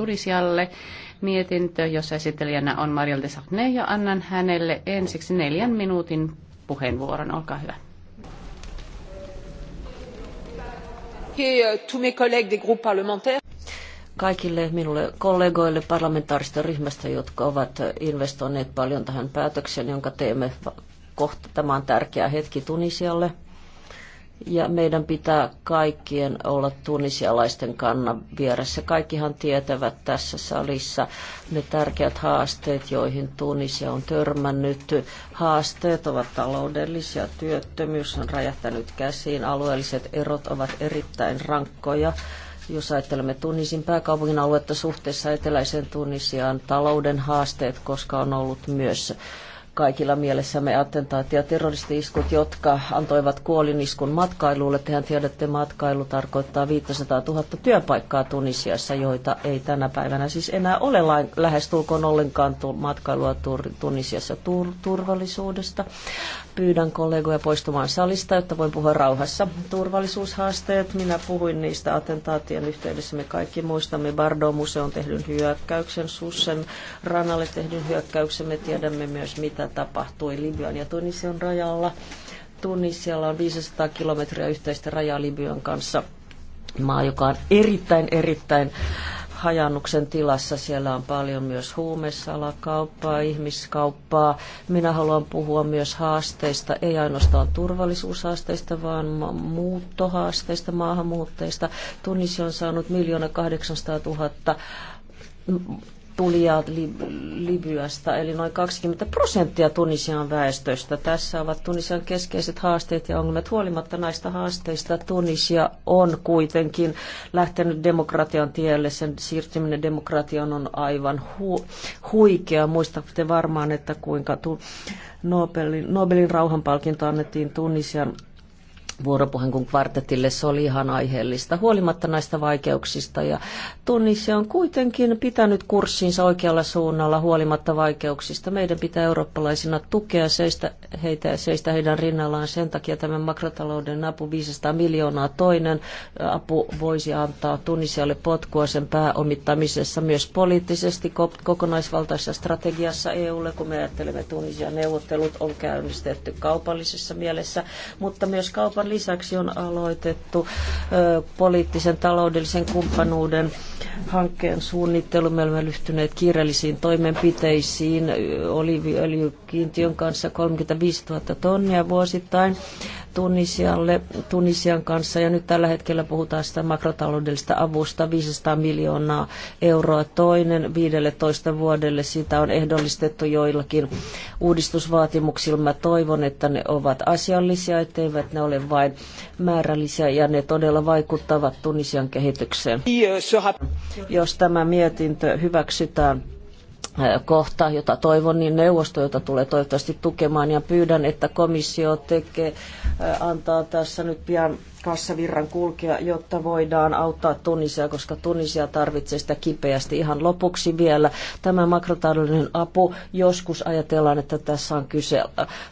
Tunisialle. Mietintö, jossa esittelijänä on Marielle Desarne ja annan hänelle ensiksi neljän minuutin puheenvuoron. Olkaa hyvä. Euh, Kaikille minulle kollegoille parlamentaarista ryhmästä, jotka ovat investoineet paljon tähän päätökseen, jonka teemme kohta. Tämä on tärkeä hetki Tunisialle. Ja meidän pitää kaikkien olla tunisialaisten kannan vieressä. Kaikkihan tietävät tässä salissa ne tärkeät haasteet, joihin Tunisia on törmännyt. Haasteet ovat taloudellisia, työttömyys on räjähtänyt käsiin, alueelliset erot ovat erittäin rankkoja jos ajattelemme Tunisin pääkaupungin aluetta suhteessa eteläiseen Tunisiaan, talouden haasteet, koska on ollut myös kaikilla mielessämme attentaatti- ja terroristi-iskut, jotka antoivat kuoliniskun matkailulle. Tehän tiedätte, matkailu tarkoittaa 500 000 työpaikkaa Tunisiassa, joita ei tänä päivänä siis enää ole lain, lähestulkoon ollenkaan matkailua Tunisiassa tur- turvallisuudesta. Pyydän kollegoja poistumaan salista, jotta voin puhua rauhassa. Turvallisuushaasteet, minä puhuin niistä attentaatien yhteydessä. Me kaikki muistamme Bardo-museon tehdyn hyökkäyksen, Sussen ranalle tehdyn hyökkäyksen. Me tiedämme myös, mitä tapahtui Libyan ja Tunisian rajalla. Tunisialla on 500 kilometriä yhteistä rajaa Libyan kanssa. Maa, joka on erittäin, erittäin hajannuksen tilassa. Siellä on paljon myös huumesalakauppaa, ihmiskauppaa. Minä haluan puhua myös haasteista, ei ainoastaan turvallisuushaasteista, vaan muuttohaasteista, maahanmuutteista. Tunisia on saanut miljoona 800 000 tulijat Lib- Libyasta, eli noin 20 prosenttia Tunisian väestöstä. Tässä ovat Tunisian keskeiset haasteet ja ongelmat. Huolimatta näistä haasteista Tunisia on kuitenkin lähtenyt demokratian tielle. Sen siirtyminen demokratiaan on aivan hu- huikea. Muistatte varmaan, että kuinka tu- Nobelin, Nobelin rauhanpalkinto annettiin Tunisian vuoropuhen kuin kvartetille. Se oli ihan aiheellista, huolimatta näistä vaikeuksista. Ja Tunisia on kuitenkin pitänyt kurssinsa oikealla suunnalla huolimatta vaikeuksista. Meidän pitää eurooppalaisina tukea seistä heitä, seistä heidän rinnallaan. Sen takia tämä makrotalouden apu 500 miljoonaa toinen apu voisi antaa Tunisialle potkua sen pääomittamisessa myös poliittisesti kokonaisvaltaisessa strategiassa EUlle, kun me ajattelemme Tunisian neuvottelut on käynnistetty kaupallisessa mielessä, mutta myös kaupan lisäksi on aloitettu poliittisen taloudellisen kumppanuuden hankkeen suunnittelu. Me olemme lyhtyneet kiireellisiin toimenpiteisiin oliviöljykiintiön kanssa 35 000 tonnia vuosittain Tunisialle, Tunisian kanssa. Ja nyt tällä hetkellä puhutaan sitä makrotaloudellista avusta 500 miljoonaa euroa toinen 15 vuodelle. Sitä on ehdollistettu joillakin uudistusvaatimuksilla. Mä toivon, että ne ovat asiallisia, etteivät ne ole vain vain määrällisiä ja ne todella vaikuttavat Tunisian kehitykseen. Jos tämä mietintö hyväksytään eh, kohta, jota toivon, niin neuvosto, jota tulee toivottavasti tukemaan ja pyydän, että komissio tekee, eh, antaa tässä nyt pian kassavirran kulkea, jotta voidaan auttaa Tunisia, koska Tunisia tarvitsee sitä kipeästi. Ihan lopuksi vielä tämä makrotaloudellinen apu. Joskus ajatellaan, että tässä on kyse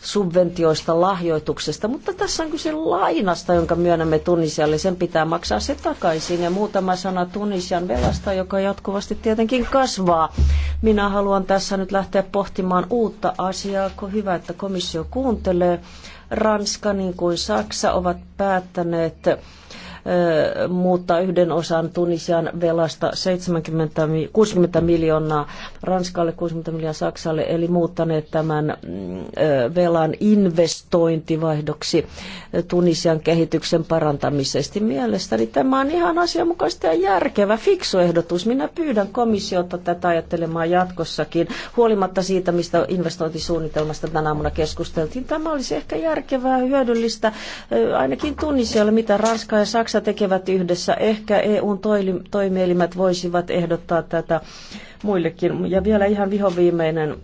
subventioista, lahjoituksesta, mutta tässä on kyse lainasta, jonka myönnämme Tunisialle. Sen pitää maksaa se takaisin. Ja muutama sana Tunisian velasta, joka jatkuvasti tietenkin kasvaa. Minä haluan tässä nyt lähteä pohtimaan uutta asiaa. Hyvä, että komissio kuuntelee. Ranska niin kuin Saksa ovat päättäneet muuttaa yhden osan Tunisian velasta 70, 60 miljoonaa Ranskalle, 60 miljoonaa Saksalle, eli muuttaneet tämän mm, velan investointivaihdoksi Tunisian kehityksen parantamisesta. Mielestäni tämä on ihan asianmukaista ja järkevä, fiksu ehdotus. Minä pyydän komissiota tätä ajattelemaan jatkossakin, huolimatta siitä, mistä investointisuunnitelmasta tänä aamuna keskusteltiin. Tämä olisi ehkä järkevää, hyödyllistä, ainakin Tunisialle, mitä Ranska ja Saksa kanssa tekevät yhdessä. Ehkä EUn toimielimet voisivat ehdottaa tätä muillekin. Ja vielä ihan vihoviimeinen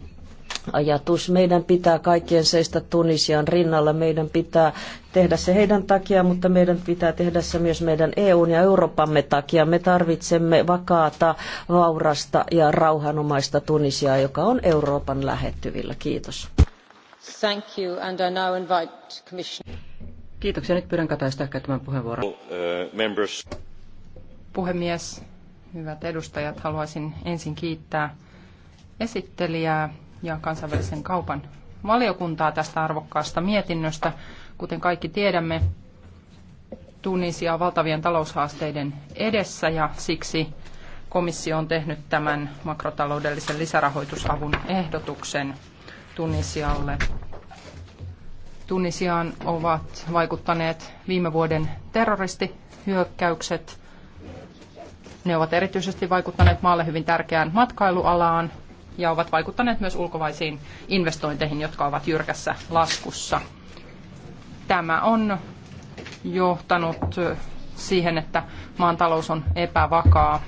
ajatus. Meidän pitää kaikkien seistä Tunisian rinnalla. Meidän pitää tehdä se heidän takia, mutta meidän pitää tehdä se myös meidän EUn ja Euroopamme takia. Me tarvitsemme vakaata, vaurasta ja rauhanomaista Tunisiaa, joka on Euroopan lähettyvillä. Kiitos. Thank you, and I now invite commission... Kiitoksia. Nyt pyydän Kataista käyttämään puheenvuoron. Uh, Puhemies, hyvät edustajat, haluaisin ensin kiittää esittelijää ja kansainvälisen kaupan valiokuntaa tästä arvokkaasta mietinnöstä. Kuten kaikki tiedämme, Tunisia on valtavien taloushaasteiden edessä ja siksi komissio on tehnyt tämän makrotaloudellisen lisärahoitusavun ehdotuksen Tunisialle. Tunisiaan ovat vaikuttaneet viime vuoden terroristihyökkäykset. Ne ovat erityisesti vaikuttaneet maalle hyvin tärkeään matkailualaan ja ovat vaikuttaneet myös ulkovaisiin investointeihin, jotka ovat jyrkässä laskussa. Tämä on johtanut siihen, että maan talous on epävakaa.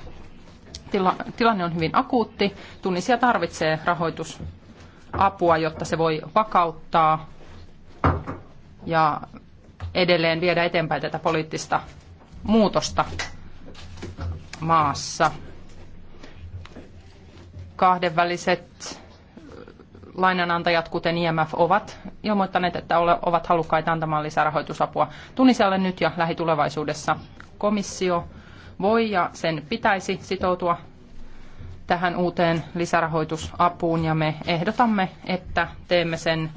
Tila, tilanne on hyvin akuutti. Tunisia tarvitsee rahoitusapua, jotta se voi vakauttaa ja edelleen viedä eteenpäin tätä poliittista muutosta maassa. Kahdenväliset lainanantajat, kuten IMF, ovat ilmoittaneet, että ovat halukkaita antamaan lisärahoitusapua Tunisialle nyt ja lähitulevaisuudessa. Komissio voi ja sen pitäisi sitoutua tähän uuteen lisärahoitusapuun ja me ehdotamme, että teemme sen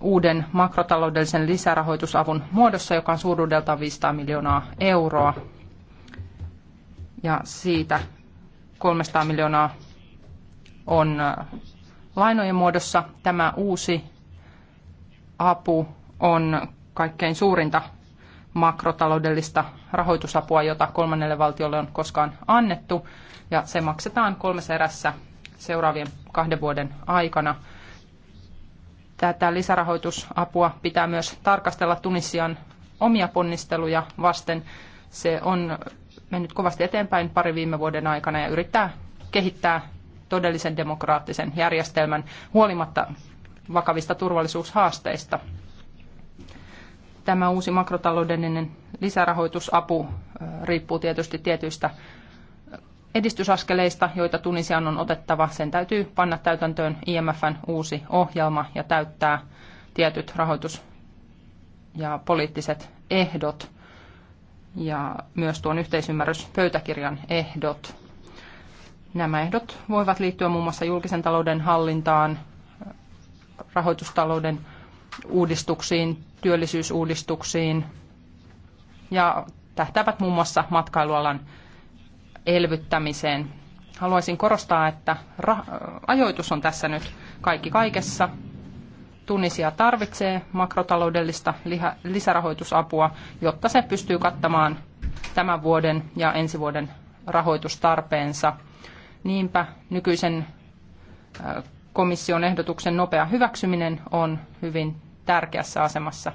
uuden makrotaloudellisen lisärahoitusavun muodossa, joka on suuruudeltaan 500 miljoonaa euroa. Ja siitä 300 miljoonaa on äh, lainojen muodossa. Tämä uusi apu on kaikkein suurinta makrotaloudellista rahoitusapua, jota kolmannelle valtiolle on koskaan annettu, ja se maksetaan kolmessa erässä seuraavien kahden vuoden aikana – tätä lisärahoitusapua pitää myös tarkastella Tunisian omia ponnisteluja vasten. Se on mennyt kovasti eteenpäin pari viime vuoden aikana ja yrittää kehittää todellisen demokraattisen järjestelmän huolimatta vakavista turvallisuushaasteista. Tämä uusi makrotaloudellinen lisärahoitusapu riippuu tietysti tietyistä edistysaskeleista, joita Tunisian on otettava. Sen täytyy panna täytäntöön IMFn uusi ohjelma ja täyttää tietyt rahoitus- ja poliittiset ehdot ja myös tuon yhteisymmärryspöytäkirjan ehdot. Nämä ehdot voivat liittyä muun muassa julkisen talouden hallintaan, rahoitustalouden uudistuksiin, työllisyysuudistuksiin ja tähtävät muun muassa matkailualan elvyttämiseen. Haluaisin korostaa, että ajoitus on tässä nyt kaikki kaikessa. Tunisia tarvitsee makrotaloudellista lisärahoitusapua, jotta se pystyy kattamaan tämän vuoden ja ensi vuoden rahoitustarpeensa. Niinpä nykyisen komission ehdotuksen nopea hyväksyminen on hyvin tärkeässä asemassa.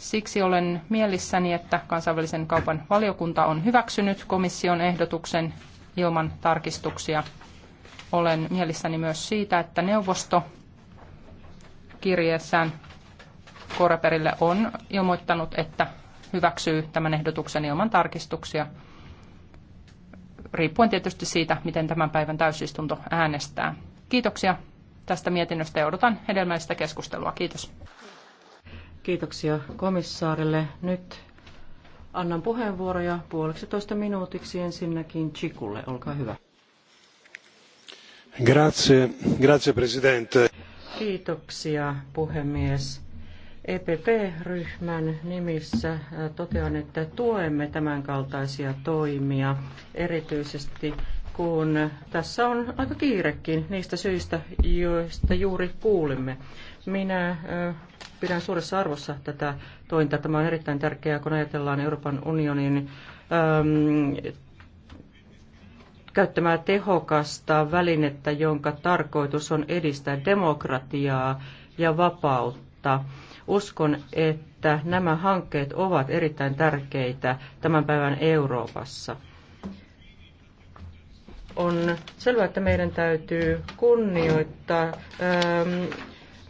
Siksi olen mielissäni, että kansainvälisen kaupan valiokunta on hyväksynyt komission ehdotuksen ilman tarkistuksia. Olen mielissäni myös siitä, että neuvosto kirjeessään Koreperille on ilmoittanut, että hyväksyy tämän ehdotuksen ilman tarkistuksia, riippuen tietysti siitä, miten tämän päivän täysistunto äänestää. Kiitoksia tästä mietinnöstä ja odotan hedelmällistä keskustelua. Kiitos. Kiitoksia komissaarille. Nyt annan puheenvuoroja puoleksi toista minuutiksi ensinnäkin Chikulle. Olkaa hyvä. Grazie, grazie presidente. Kiitoksia puhemies. EPP-ryhmän nimissä äh, totean, että tuemme tämänkaltaisia toimia, erityisesti kun tässä on aika kiirekin niistä syistä, joista juuri kuulimme. Minä pidän suuressa arvossa tätä tointa. Tämä on erittäin tärkeää, kun ajatellaan Euroopan unionin äm, käyttämää tehokasta välinettä, jonka tarkoitus on edistää demokratiaa ja vapautta. Uskon, että nämä hankkeet ovat erittäin tärkeitä tämän päivän Euroopassa on selvää, että meidän täytyy kunnioittaa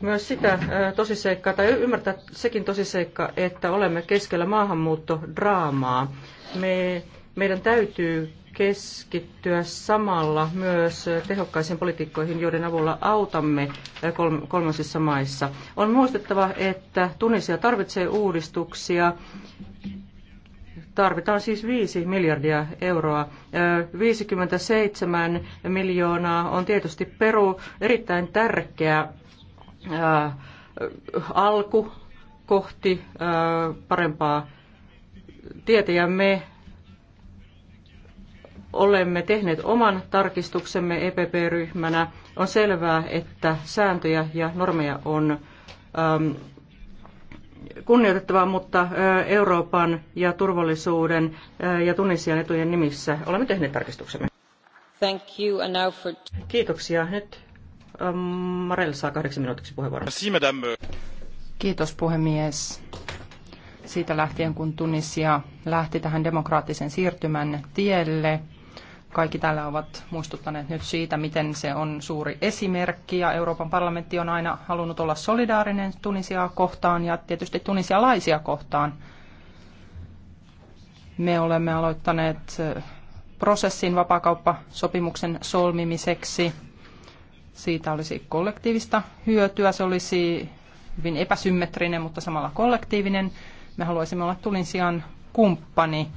myös sitä äh, tosiseikkaa, tai ymmärtää sekin tosiseikka, että olemme keskellä maahanmuuttodraamaa. Me, meidän täytyy keskittyä samalla myös tehokkaisiin politiikkoihin, joiden avulla autamme äh, kolmansissa maissa. On muistettava, että Tunisia tarvitsee uudistuksia. Tarvitaan siis 5 miljardia euroa. 57 äh, miljoonaa on tietysti Peru erittäin tärkeä ää, alku kohti ää, parempaa tietä ja me olemme tehneet oman tarkistuksemme EPP-ryhmänä. On selvää, että sääntöjä ja normeja on äm, kunnioitettava, mutta Euroopan ja turvallisuuden ja Tunisian etujen nimissä olemme tehneet tarkistuksemme. Thank you and now for... Kiitoksia. Nyt Marel saa minuutiksi puheenvuoron. Kiitos puhemies. Siitä lähtien, kun Tunisia lähti tähän demokraattisen siirtymän tielle, kaikki täällä ovat muistuttaneet nyt siitä, miten se on suuri esimerkki ja Euroopan parlamentti on aina halunnut olla solidaarinen Tunisiaa kohtaan ja tietysti tunisialaisia kohtaan. Me olemme aloittaneet prosessin vapaakauppasopimuksen solmimiseksi siitä olisi kollektiivista hyötyä. Se olisi hyvin epäsymmetrinen, mutta samalla kollektiivinen. Me haluaisimme olla Tulinsian kumppani.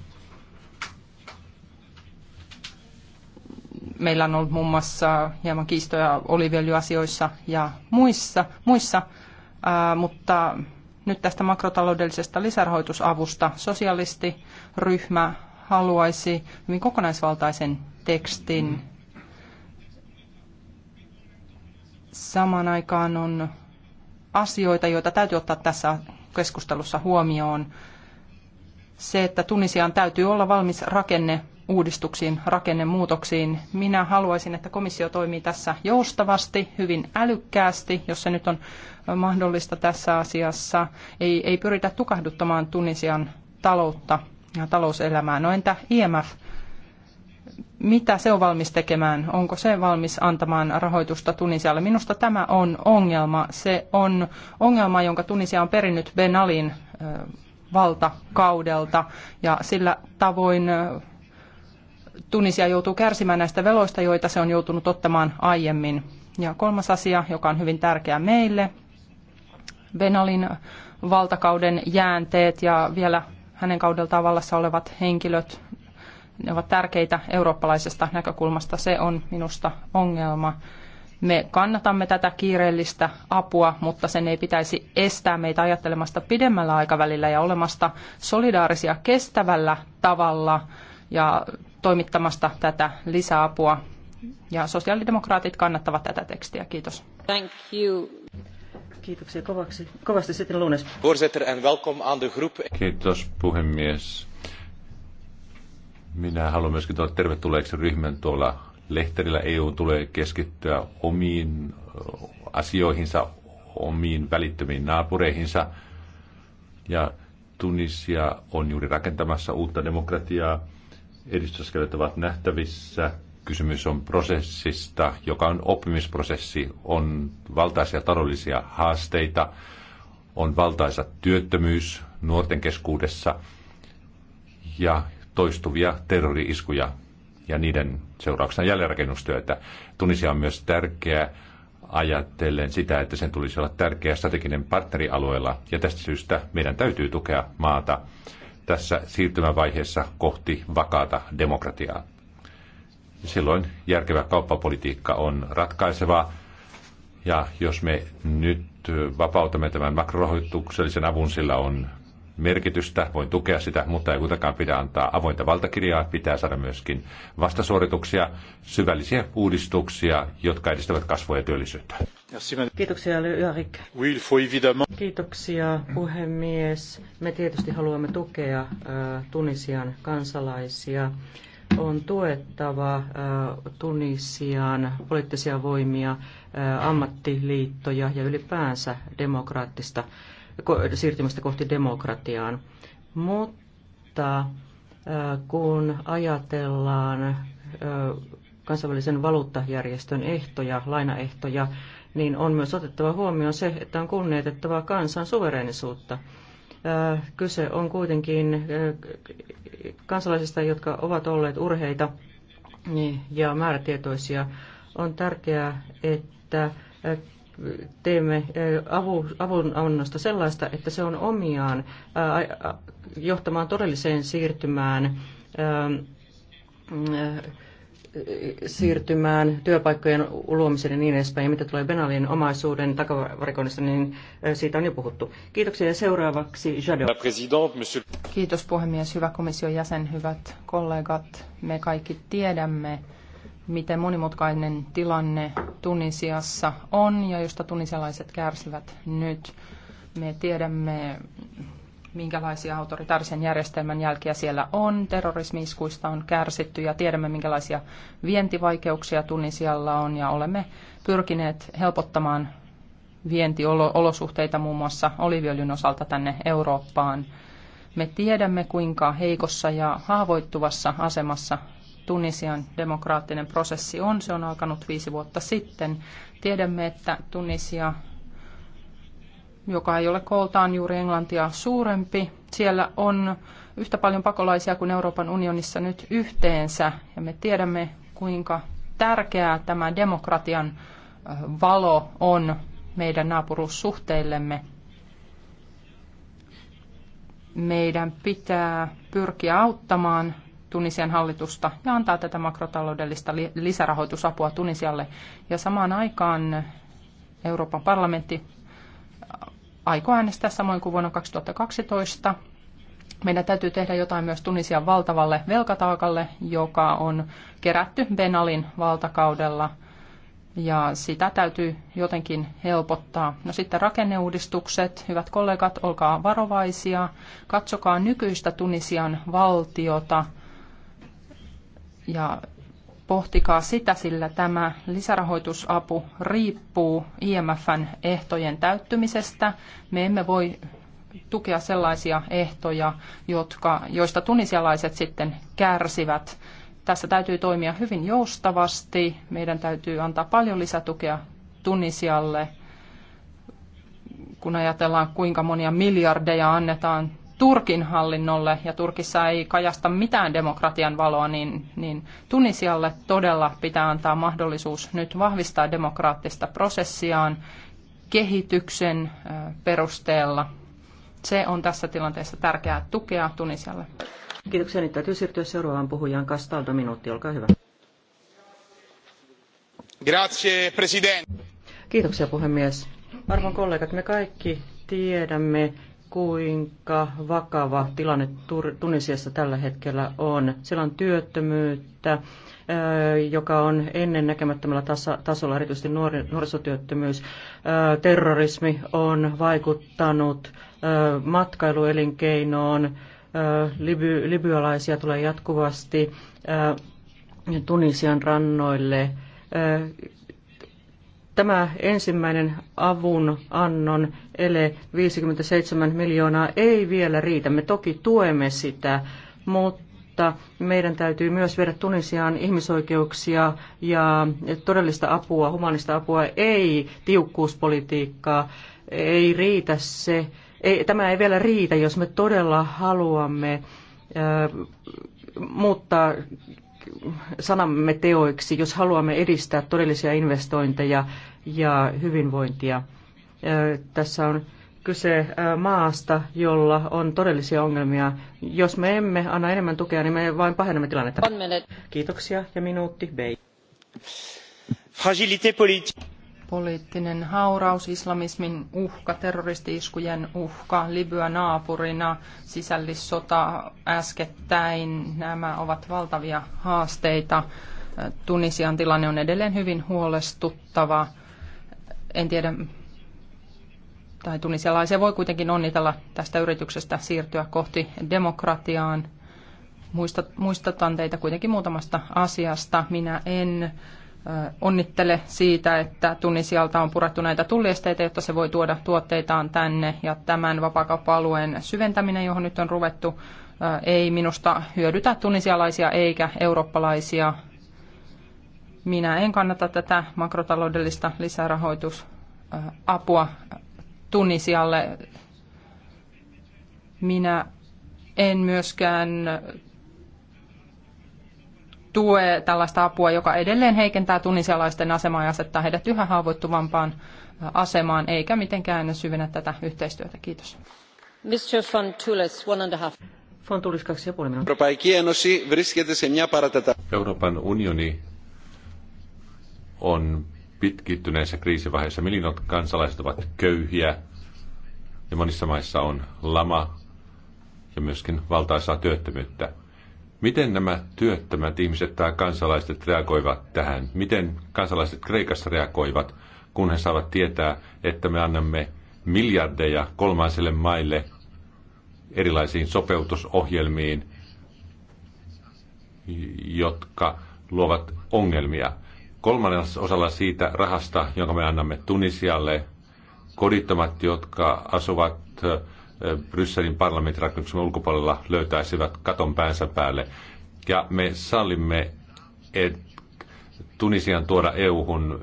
Meillä on ollut muun muassa hieman kiistoja oliviöljyasioissa ja muissa, muissa ää, mutta nyt tästä makrotaloudellisesta lisärahoitusavusta sosialistiryhmä haluaisi hyvin kokonaisvaltaisen tekstin Samaan aikaan on asioita, joita täytyy ottaa tässä keskustelussa huomioon. Se, että Tunisian täytyy olla valmis rakenne uudistuksiin, rakennemuutoksiin. Minä haluaisin, että komissio toimii tässä joustavasti, hyvin älykkäästi, jos se nyt on mahdollista tässä asiassa. Ei, ei pyritä tukahduttamaan Tunisian taloutta ja talouselämää. No entä IMF? mitä se on valmis tekemään, onko se valmis antamaan rahoitusta Tunisialle. Minusta tämä on ongelma. Se on ongelma, jonka Tunisia on perinnyt Benalin valtakaudelta ja sillä tavoin Tunisia joutuu kärsimään näistä veloista, joita se on joutunut ottamaan aiemmin. Ja kolmas asia, joka on hyvin tärkeä meille, Benalin valtakauden jäänteet ja vielä hänen kaudeltaan vallassa olevat henkilöt ne ovat tärkeitä eurooppalaisesta näkökulmasta. Se on minusta ongelma. Me kannatamme tätä kiireellistä apua, mutta sen ei pitäisi estää meitä ajattelemasta pidemmällä aikavälillä ja olemasta solidaarisia kestävällä tavalla ja toimittamasta tätä lisäapua. Ja sosiaalidemokraatit kannattavat tätä tekstiä. Kiitos. Thank you. Kiitoksia kovaksi. kovasti sitten Lunes. Voorzitter en welkom aan de groep. Kiitos puhemies. Minä haluan myöskin tulla tervetulleeksi ryhmän tuolla lehterillä. EU tulee keskittyä omiin asioihinsa, omiin välittömiin naapureihinsa. Ja Tunisia on juuri rakentamassa uutta demokratiaa. Edistyskelet ovat nähtävissä. Kysymys on prosessista, joka on oppimisprosessi. On valtaisia taloudellisia haasteita, on valtaisa työttömyys nuorten keskuudessa ja toistuvia terrori-iskuja ja niiden seurauksena jälleenrakennustyötä. Tunisia on myös tärkeää ajatellen sitä, että sen tulisi olla tärkeä strateginen partnerialueella ja tästä syystä meidän täytyy tukea maata tässä siirtymävaiheessa kohti vakaata demokratiaa. Silloin järkevä kauppapolitiikka on ratkaisevaa, ja jos me nyt vapautamme tämän makrorahoituksellisen avun, sillä on merkitystä, voin tukea sitä, mutta ei kuitenkaan pidä antaa avointa valtakirjaa, pitää saada myöskin vastasuorituksia, syvällisiä uudistuksia, jotka edistävät kasvua ja työllisyyttä. Kiitoksia, Jarik. Kiitoksia, puhemies. Me tietysti haluamme tukea Tunisian kansalaisia. On tuettava Tunisian poliittisia voimia, ammattiliittoja ja ylipäänsä demokraattista siirtymästä kohti demokratiaan. Mutta kun ajatellaan kansainvälisen valuuttajärjestön ehtoja, lainaehtoja, niin on myös otettava huomioon se, että on kunnioitettava kansan suverenisuutta. Kyse on kuitenkin kansalaisista, jotka ovat olleet urheita niin, ja määrätietoisia. On tärkeää, että teemme avun annosta sellaista, että se on omiaan johtamaan todelliseen siirtymään siirtymään työpaikkojen luomiseen ja niin edespäin. Ja mitä tulee Benalin omaisuuden takavarikoinnista, niin siitä on jo puhuttu. Kiitoksia ja seuraavaksi Jadot. Kiitos puhemies, hyvä komission jäsen, hyvät kollegat. Me kaikki tiedämme, miten monimutkainen tilanne Tunisiassa on ja josta tunisialaiset kärsivät nyt. Me tiedämme, minkälaisia autoritaarisen järjestelmän jälkiä siellä on. Terrorismiiskuista on kärsitty ja tiedämme, minkälaisia vientivaikeuksia Tunisialla on ja olemme pyrkineet helpottamaan vientiolosuhteita muun muassa oliviöljyn osalta tänne Eurooppaan. Me tiedämme, kuinka heikossa ja haavoittuvassa asemassa Tunisian demokraattinen prosessi on. Se on alkanut viisi vuotta sitten. Tiedämme, että Tunisia, joka ei ole kooltaan juuri Englantia suurempi, siellä on yhtä paljon pakolaisia kuin Euroopan unionissa nyt yhteensä. Ja me tiedämme, kuinka tärkeää tämä demokratian valo on meidän naapuruussuhteillemme. Meidän pitää pyrkiä auttamaan Tunisian hallitusta ja antaa tätä makrotaloudellista lisärahoitusapua Tunisialle. Ja samaan aikaan Euroopan parlamentti aikoo äänestää samoin kuin vuonna 2012. Meidän täytyy tehdä jotain myös Tunisian valtavalle velkataakalle, joka on kerätty Benalin valtakaudella – ja sitä täytyy jotenkin helpottaa. No sitten rakenneuudistukset, hyvät kollegat, olkaa varovaisia, katsokaa nykyistä Tunisian valtiota ja pohtikaa sitä, sillä tämä lisärahoitusapu riippuu IMFn ehtojen täyttymisestä. Me emme voi tukea sellaisia ehtoja, jotka, joista tunisialaiset sitten kärsivät. Tässä täytyy toimia hyvin joustavasti. Meidän täytyy antaa paljon lisätukea Tunisialle, kun ajatellaan kuinka monia miljardeja annetaan Turkin hallinnolle, ja Turkissa ei kajasta mitään demokratian valoa, niin, niin Tunisialle todella pitää antaa mahdollisuus nyt vahvistaa demokraattista prosessiaan kehityksen perusteella. Se on tässä tilanteessa tärkeää tukea Tunisialle. Kiitoksia. Nyt täytyy siirtyä seuraavaan puhujaan. Kastaldo, minuutti, olkaa hyvä. Grazie, president. Kiitoksia puhemies. Arvon kollegat, me kaikki tiedämme, kuinka vakava tilanne Tunisiassa tällä hetkellä on. Siellä on työttömyyttä, joka on ennen näkemättömällä tasolla, erityisesti nuorisotyöttömyys. Terrorismi on vaikuttanut matkailuelinkeinoon. Liby, libyalaisia tulee jatkuvasti Tunisian rannoille Tämä ensimmäinen avun annon ele 57 miljoonaa ei vielä riitä. Me toki tuemme sitä, mutta meidän täytyy myös viedä Tunisiaan ihmisoikeuksia ja todellista apua, humanista apua, ei tiukkuuspolitiikkaa, ei riitä se. Ei, tämä ei vielä riitä, jos me todella haluamme muuttaa sanamme teoiksi, jos haluamme edistää todellisia investointeja ja hyvinvointia. Tässä on kyse maasta, jolla on todellisia ongelmia. Jos me emme anna enemmän tukea, niin me vain pahennamme tilannetta. Kiitoksia ja minuutti, Bey. Fragilité politique poliittinen hauraus, islamismin uhka, terroristiiskujen uhka, Libya naapurina, sisällissota äskettäin, nämä ovat valtavia haasteita. Tunisian tilanne on edelleen hyvin huolestuttava. En tiedä, tai tunisialaisia voi kuitenkin onnitella tästä yrityksestä siirtyä kohti demokratiaan. muistatan teitä kuitenkin muutamasta asiasta. Minä en onnittele siitä, että Tunisialta on purettu näitä tulliesteitä, jotta se voi tuoda tuotteitaan tänne. Ja tämän vapaakauppa-alueen syventäminen, johon nyt on ruvettu, ei minusta hyödytä tunisialaisia eikä eurooppalaisia. Minä en kannata tätä makrotaloudellista lisärahoitusapua Tunisialle. Minä en myöskään tue tällaista apua, joka edelleen heikentää tunisialaisten asemaa ja asettaa heidät yhä haavoittuvampaan asemaan, eikä mitenkään syvennä tätä yhteistyötä. Kiitos. Mr. Fontulis, one and a half. Fontulis, kaksi ja puoli minuuttia. Euroopan unioni on pitkittyneessä kriisivaiheessa. Miljoonat kansalaiset ovat köyhiä ja monissa maissa on lama ja myöskin valtaisaa työttömyyttä. Miten nämä työttömät ihmiset tai kansalaiset reagoivat tähän? Miten kansalaiset Kreikassa reagoivat, kun he saavat tietää, että me annamme miljardeja kolmaiselle maille erilaisiin sopeutusohjelmiin, jotka luovat ongelmia. Kolmannes osalla siitä rahasta, jonka me annamme Tunisialle, kodittomat, jotka asuvat Brysselin parlamentin rakennuksen ulkopuolella löytäisivät katon päänsä päälle. Ja me sallimme et Tunisian tuoda EU-hun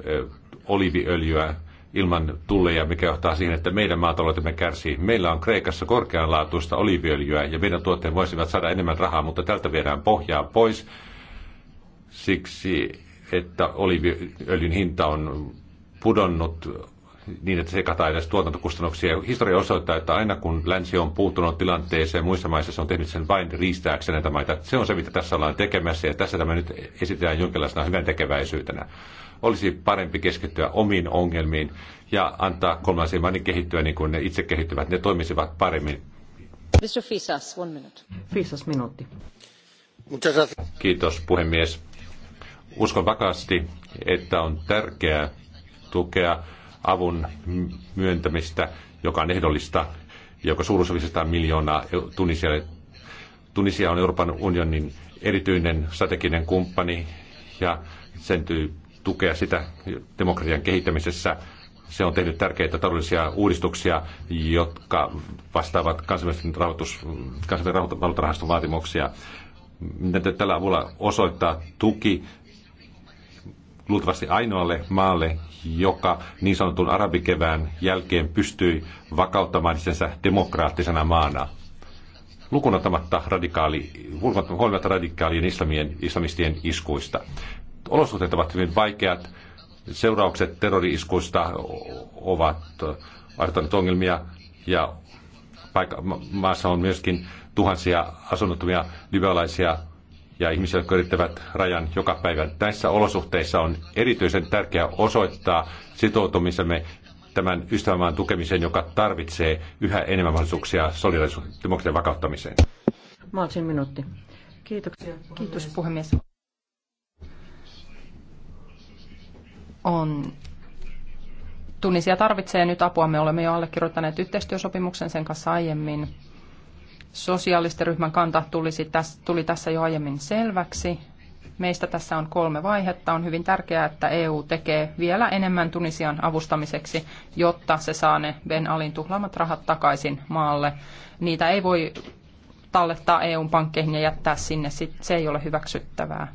oliviöljyä ilman tulleja, mikä johtaa siihen, että meidän maataloutemme kärsii. Meillä on Kreikassa korkeanlaatuista oliviöljyä ja meidän tuotteen voisivat saada enemmän rahaa, mutta tältä viedään pohjaa pois siksi, että oliviöljyn hinta on pudonnut niin, että se kataa edes tuotantokustannuksia. Historia osoittaa, että aina kun länsi on puuttunut tilanteeseen, muissa maissa se on tehnyt sen vain riistääkseen näitä maita. Se on se, mitä tässä ollaan tekemässä, ja tässä tämä nyt esitetään jonkinlaisena hyvän tekeväisyytenä. Olisi parempi keskittyä omiin ongelmiin ja antaa kolmansiin maiden kehittyä niin kuin ne itse kehittyvät. Ne toimisivat paremmin. Mr. Fisas, one minute. Fisas, minuutti. Kiitos, puhemies. Uskon vakaasti, että on tärkeää tukea avun myöntämistä, joka on ehdollista, joka suuruus oli 100 miljoonaa Tunisialle. Tunisia on Euroopan unionin erityinen strateginen kumppani ja sen tukea sitä demokratian kehittämisessä. Se on tehnyt tärkeitä taloudellisia uudistuksia, jotka vastaavat kansainvälisen, rahoitus, kansainvälisen vaatimuksia. Tällä avulla osoittaa tuki luultavasti ainoalle maalle, joka niin sanotun arabikevään jälkeen pystyi vakauttamaan itsensä demokraattisena maana. Lukunottamatta radikaali, huolimatta radikaalien islamien, islamistien iskuista. Olosuhteet ovat hyvin vaikeat. Seuraukset terrori-iskuista ovat äh, aiheuttaneet ongelmia ja paikka, maassa on myöskin tuhansia asunnottomia libyalaisia ja ihmisiä, jotka yrittävät rajan joka päivä. Tässä olosuhteissa on erityisen tärkeää osoittaa sitoutumisemme tämän ystävämaan tukemiseen, joka tarvitsee yhä enemmän mahdollisuuksia solidaarisuusdemokratian vakauttamiseen. Maltsin minuutti. Kiitoksia. Kiitos puhemies. On Tunisia tarvitsee nyt apua. Me olemme jo allekirjoittaneet yhteistyösopimuksen sen kanssa aiemmin ryhmän kanta tuli tässä jo aiemmin selväksi. Meistä tässä on kolme vaihetta. On hyvin tärkeää, että EU tekee vielä enemmän Tunisian avustamiseksi, jotta se saa ne Ben Alin tuhlaamat rahat takaisin maalle. Niitä ei voi tallettaa EUn pankkeihin ja jättää sinne. Se ei ole hyväksyttävää.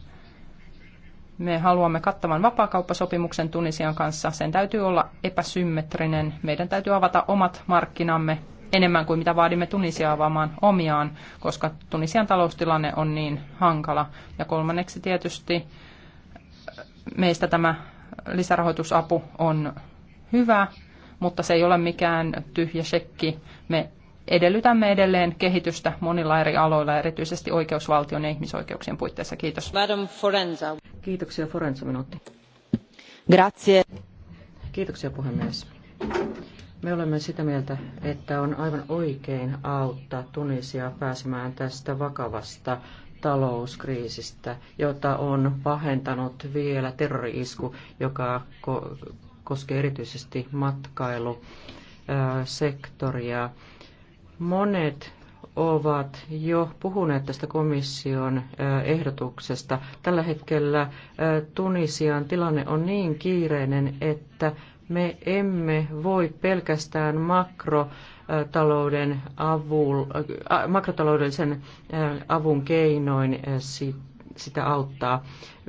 Me haluamme kattavan vapaakauppasopimuksen Tunisian kanssa. Sen täytyy olla epäsymmetrinen. Meidän täytyy avata omat markkinamme enemmän kuin mitä vaadimme Tunisia avaamaan omiaan, koska Tunisian taloustilanne on niin hankala. Ja kolmanneksi tietysti eh, meistä tämä lisärahoitusapu on hyvä, mutta se ei ole mikään tyhjä shekki. Me edellytämme edelleen kehitystä monilla eri aloilla, erityisesti oikeusvaltion ja ihmisoikeuksien puitteissa. Kiitos. Madam Forenza. Kiitoksia Forenza minuutti. Grazie. Kiitoksia puhemies. Me olemme sitä mieltä, että on aivan oikein auttaa Tunisia pääsemään tästä vakavasta talouskriisistä, jota on pahentanut vielä terrori-isku, joka ko- koskee erityisesti matkailusektoria. Monet ovat jo puhuneet tästä komission ehdotuksesta. Tällä hetkellä Tunisian tilanne on niin kiireinen, että me emme voi pelkästään makro talouden avul, äh, makrotaloudellisen äh, avun keinoin äh, sitä auttaa.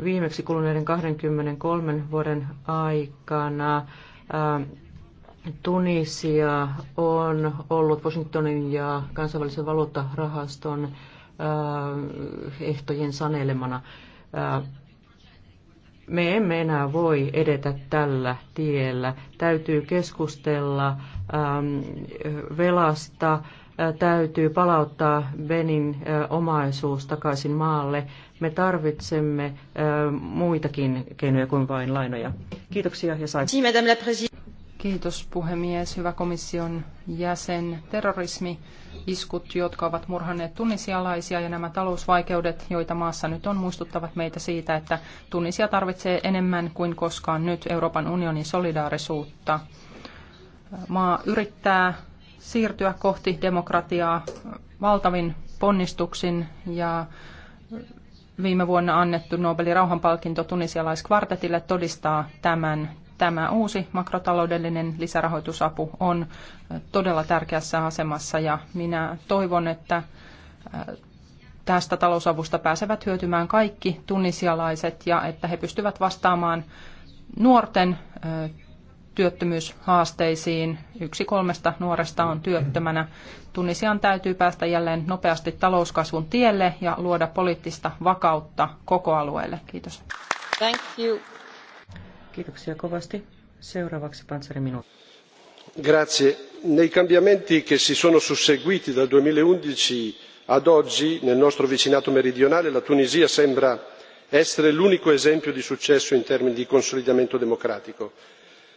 Viimeksi kuluneiden 23 vuoden aikana Tunisia on ollut Washingtonin ja kansainvälisen valuuttarahaston ehtojen sanelemana me emme enää voi edetä tällä tiellä. Täytyy keskustella ähm, velasta, äh, täytyy palauttaa Benin äh, omaisuus takaisin maalle. Me tarvitsemme äh, muitakin keinoja kuin vain lainoja. Kiitoksia ja sai. Kiitos puhemies, hyvä komission jäsen. Terrorismi, iskut, jotka ovat murhanneet tunisialaisia ja nämä talousvaikeudet, joita maassa nyt on, muistuttavat meitä siitä, että Tunisia tarvitsee enemmän kuin koskaan nyt Euroopan unionin solidaarisuutta. Maa yrittää siirtyä kohti demokratiaa valtavin ponnistuksin ja viime vuonna annettu Nobelin rauhanpalkinto tunisialaiskvartetille todistaa tämän tämä uusi makrotaloudellinen lisärahoitusapu on todella tärkeässä asemassa ja minä toivon, että tästä talousavusta pääsevät hyötymään kaikki tunisialaiset ja että he pystyvät vastaamaan nuorten työttömyyshaasteisiin. Yksi kolmesta nuoresta on työttömänä. Tunisian täytyy päästä jälleen nopeasti talouskasvun tielle ja luoda poliittista vakautta koko alueelle. Kiitos. Thank you. Kiitoksia kovasti. Seuraavaksi panssari minuutti. Grazie. Nei cambiamenti che si sono susseguiti dal 2011 ad oggi nel nostro vicinato meridionale la Tunisia sembra essere l'unico esempio di successo in termini di consolidamento democratico.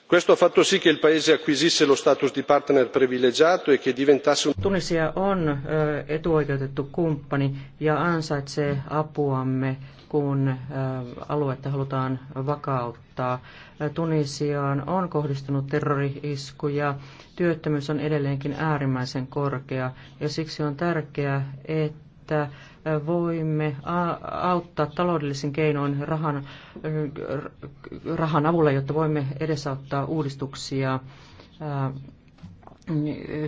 Questo ha fatto sì che il paese acquisisse lo status di partner privilegiato e che diventasse un... Tunisia on eh, etuoikeutettu kumppani ja ansaitsee apuamme kun aluetta halutaan vakauttaa. Tunisiaan on kohdistunut terrori-iskuja, työttömyys on edelleenkin äärimmäisen korkea ja siksi on tärkeää, että voimme auttaa taloudellisin keinoin rahan, rahan avulla, jotta voimme edesauttaa uudistuksia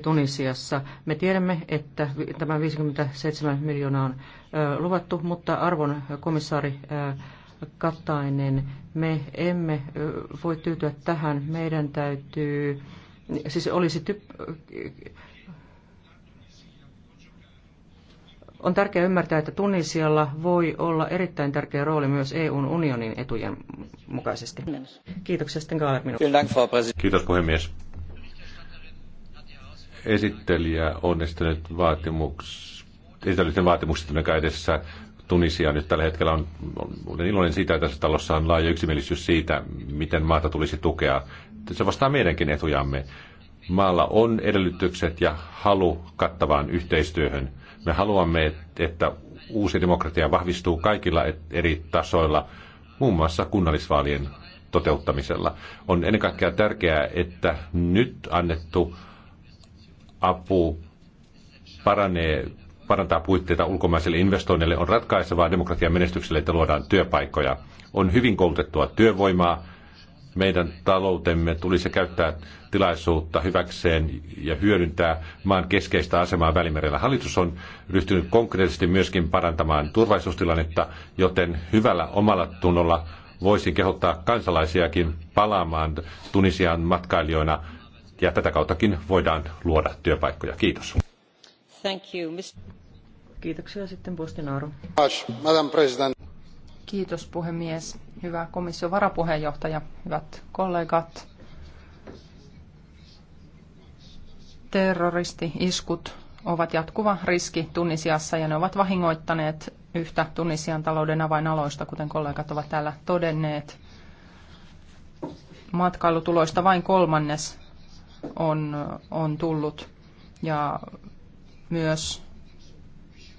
Tunisiassa. Me tiedämme, että tämä 57 miljoonaa on luvattu, mutta arvon komissaari Katainen, me emme voi tyytyä tähän. Meidän täytyy, siis olisi typ- On tärkeää ymmärtää, että Tunisialla voi olla erittäin tärkeä rooli myös EUn unionin etujen mukaisesti. Kiitoksia sitten Kiitos puhemies esittelijä on esittänyt vaatimuks, esittänyt vaatimukset, jotka edessä Tunisia nyt tällä hetkellä on, olen iloinen siitä, että tässä talossa on laaja yksimielisyys siitä, miten maata tulisi tukea. Se vastaa meidänkin etujamme. Maalla on edellytykset ja halu kattavaan yhteistyöhön. Me haluamme, että uusi demokratia vahvistuu kaikilla eri tasoilla, muun muassa kunnallisvaalien toteuttamisella. On ennen kaikkea tärkeää, että nyt annettu apu paranee, parantaa puitteita ulkomaiselle investoinneille, on ratkaisevaa demokratian menestykselle, että luodaan työpaikkoja. On hyvin koulutettua työvoimaa. Meidän taloutemme tulisi käyttää tilaisuutta hyväkseen ja hyödyntää maan keskeistä asemaa Välimerellä. Hallitus on ryhtynyt konkreettisesti myöskin parantamaan turvallisuustilannetta, joten hyvällä omalla tunnolla voisin kehottaa kansalaisiakin palaamaan Tunisian matkailijoina ja tätä kauttakin voidaan luoda työpaikkoja. Kiitos. Thank you. Kiitoksia sitten Bustinaru. Madam President. Kiitos puhemies. Hyvä komission varapuheenjohtaja, hyvät kollegat. Terroristi-iskut ovat jatkuva riski Tunisiassa ja ne ovat vahingoittaneet yhtä Tunisian talouden avainaloista, kuten kollegat ovat täällä todenneet. Matkailutuloista vain kolmannes on, on tullut. Ja myös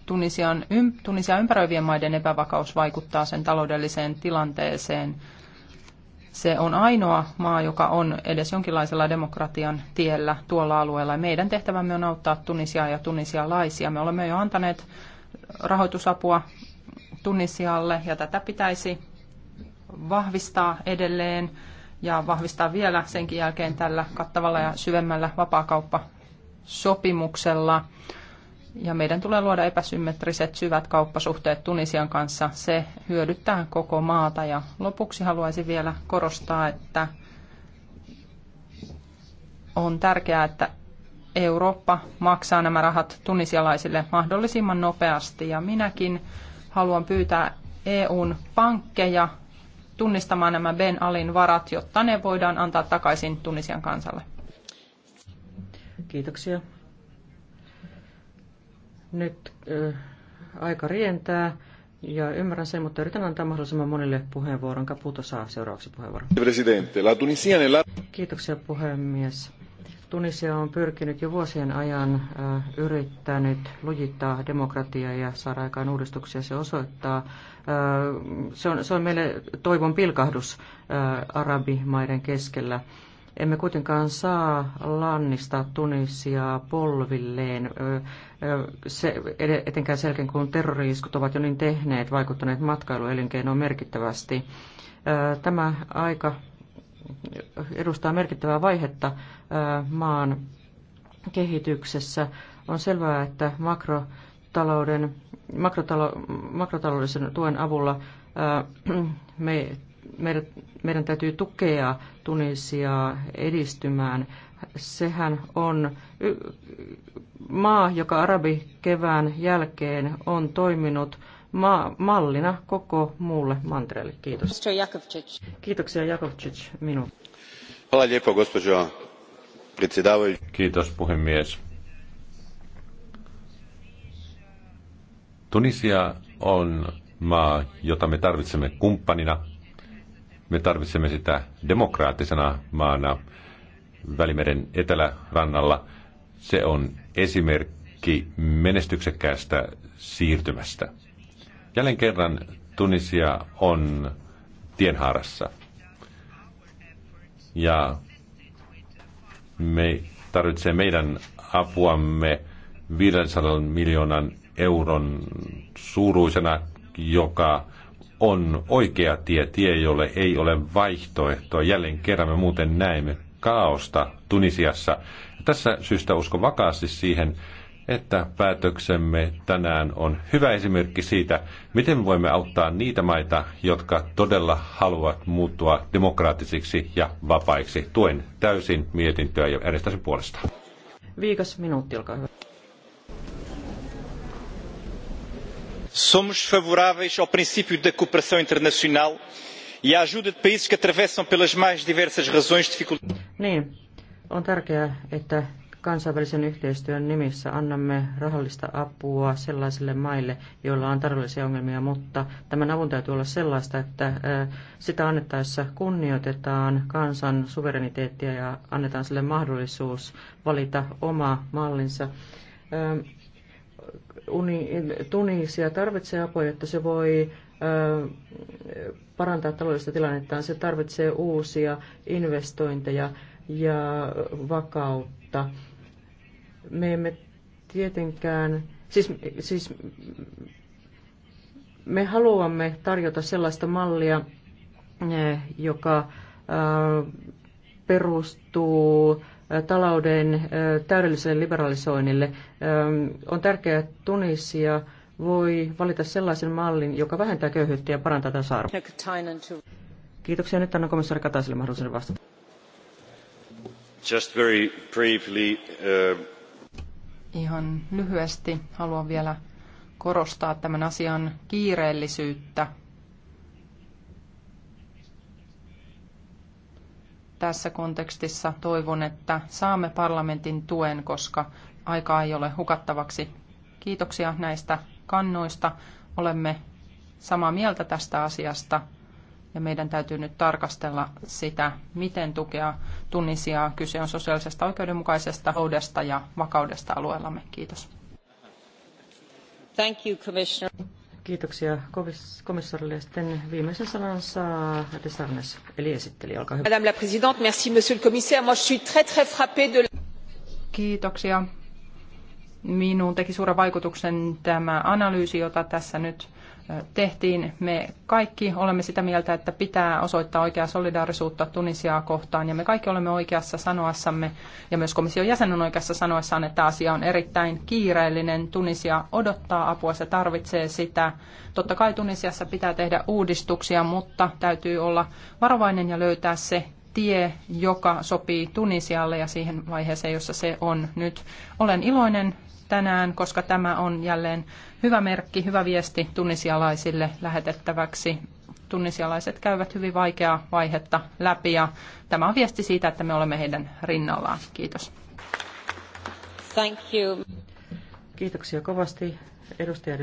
Tunisian, Tunisia ympäröivien maiden epävakaus vaikuttaa sen taloudelliseen tilanteeseen. Se on ainoa maa, joka on edes jonkinlaisella demokratian tiellä tuolla alueella. Meidän tehtävämme on auttaa Tunisiaa ja tunisialaisia. Me olemme jo antaneet rahoitusapua Tunisialle ja tätä pitäisi vahvistaa edelleen ja vahvistaa vielä senkin jälkeen tällä kattavalla ja syvemmällä vapaakauppasopimuksella. Ja meidän tulee luoda epäsymmetriset syvät kauppasuhteet Tunisian kanssa. Se hyödyttää koko maata. Ja lopuksi haluaisin vielä korostaa, että on tärkeää, että Eurooppa maksaa nämä rahat tunisialaisille mahdollisimman nopeasti. Ja minäkin haluan pyytää EUn pankkeja tunnistamaan nämä Ben Alin varat, jotta ne voidaan antaa takaisin Tunisian kansalle. Kiitoksia. Nyt äh, aika rientää. Ja ymmärrän sen, mutta yritän antaa mahdollisimman monille puheenvuoron. Caputo saa seuraavaksi puheenvuoron. Presidente, la Kiitoksia puhemies. Tunisia on pyrkinyt jo vuosien ajan äh, yrittänyt lujittaa demokratiaa ja saada aikaan uudistuksia. Se osoittaa, äh, se on, se on meille toivon pilkahdus äh, arabimaiden keskellä. Emme kuitenkaan saa lannistaa Tunisiaa polvilleen, se, etenkään selkeän kun terroriiskut ovat jo niin tehneet, vaikuttaneet matkailuelinkeinoon merkittävästi. Tämä aika edustaa merkittävää vaihetta maan kehityksessä. On selvää, että makrotalouden, makrotalo, makrotaloudellisen tuen avulla me, meidän, meidän täytyy tukea Tunisiaa edistymään. Sehän on maa, joka arabikevään jälkeen on toiminut ma- mallina koko muulle mantereelle. Kiitos. Kiitoksia Jakovčić, minun. Hvala lijepo, gospođo Kiitos puhemies. Tunisia on maa, jota me tarvitsemme kumppanina. Me tarvitsemme sitä demokraattisena maana Välimeren etelärannalla. Se on esimerkki menestyksekkäästä siirtymästä. Jälleen kerran Tunisia on tienhaarassa. Ja me tarvitsee meidän apuamme 500 miljoonan euron suuruisena, joka on oikea tie, tie, jolle ei ole vaihtoehtoa. Jälleen kerran me muuten näemme kaaosta Tunisiassa. Tässä syystä uskon vakaasti siihen, että päätöksemme tänään on hyvä esimerkki siitä, miten me voimme auttaa niitä maita, jotka todella haluavat muuttua demokraattisiksi ja vapaiksi. Tuen täysin mietintöä ja äänestän sen puolesta. Viikas minuutti, olkaa hyvä. Somos favoráveis ao princípio da cooperação internacional e à ajuda de países que atravessam pelas mais diversas razões dificuldades. Niin, on tärkeää, että Kansainvälisen yhteistyön nimissä annamme rahallista apua sellaisille maille, joilla on tarvallisia ongelmia, mutta tämän avun täytyy olla sellaista, että sitä annettaessa kunnioitetaan kansan suvereniteettia ja annetaan sille mahdollisuus valita oma mallinsa. Tunisia tarvitsee apua, jotta se voi parantaa taloudellista tilannettaan. Se tarvitsee uusia investointeja ja vakautta me emme tietenkään, siis, siis me haluamme tarjota sellaista mallia, eh, joka eh, perustuu eh, talouden täydelliselle liberalisoinnille. On tärkeää, että Tunisia voi valita sellaisen mallin, joka vähentää köyhyyttä ja parantaa tasa-arvoa. Kiitoksia. Nyt annan komissaari Kataiselle mahdollisuuden vastata. Just very briefly, uh... Ihan lyhyesti haluan vielä korostaa tämän asian kiireellisyyttä. Tässä kontekstissa toivon, että saamme parlamentin tuen, koska aikaa ei ole hukattavaksi. Kiitoksia näistä kannoista. Olemme samaa mieltä tästä asiasta ja meidän täytyy nyt tarkastella sitä, miten tukea Tunisiaa. Kyse on sosiaalisesta oikeudenmukaisesta houdesta ja vakaudesta alueellamme. Kiitos. Thank you, Commissioner. Kiitoksia komissarille. Sitten viimeisen sanan saa Desarnes, eli esitteli, olkaa hyvä. Madame la Présidente, merci Monsieur le Commissaire. Moi, je suis très très frappé de... Kiitoksia. Minuun teki suuren vaikutuksen tämä analyysi, jota tässä nyt tehtiin. Me kaikki olemme sitä mieltä, että pitää osoittaa oikeaa solidaarisuutta Tunisiaa kohtaan, ja me kaikki olemme oikeassa sanoassamme, ja myös komission jäsen on oikeassa sanoessaan, että asia on erittäin kiireellinen. Tunisia odottaa apua, se tarvitsee sitä. Totta kai Tunisiassa pitää tehdä uudistuksia, mutta täytyy olla varovainen ja löytää se tie, joka sopii Tunisialle ja siihen vaiheeseen, jossa se on nyt. Olen iloinen tänään, koska tämä on jälleen hyvä merkki, hyvä viesti tunisialaisille lähetettäväksi. Tunisialaiset käyvät hyvin vaikeaa vaihetta läpi ja tämä on viesti siitä, että me olemme heidän rinnallaan. Kiitos. Thank you. Kiitoksia kovasti edustaja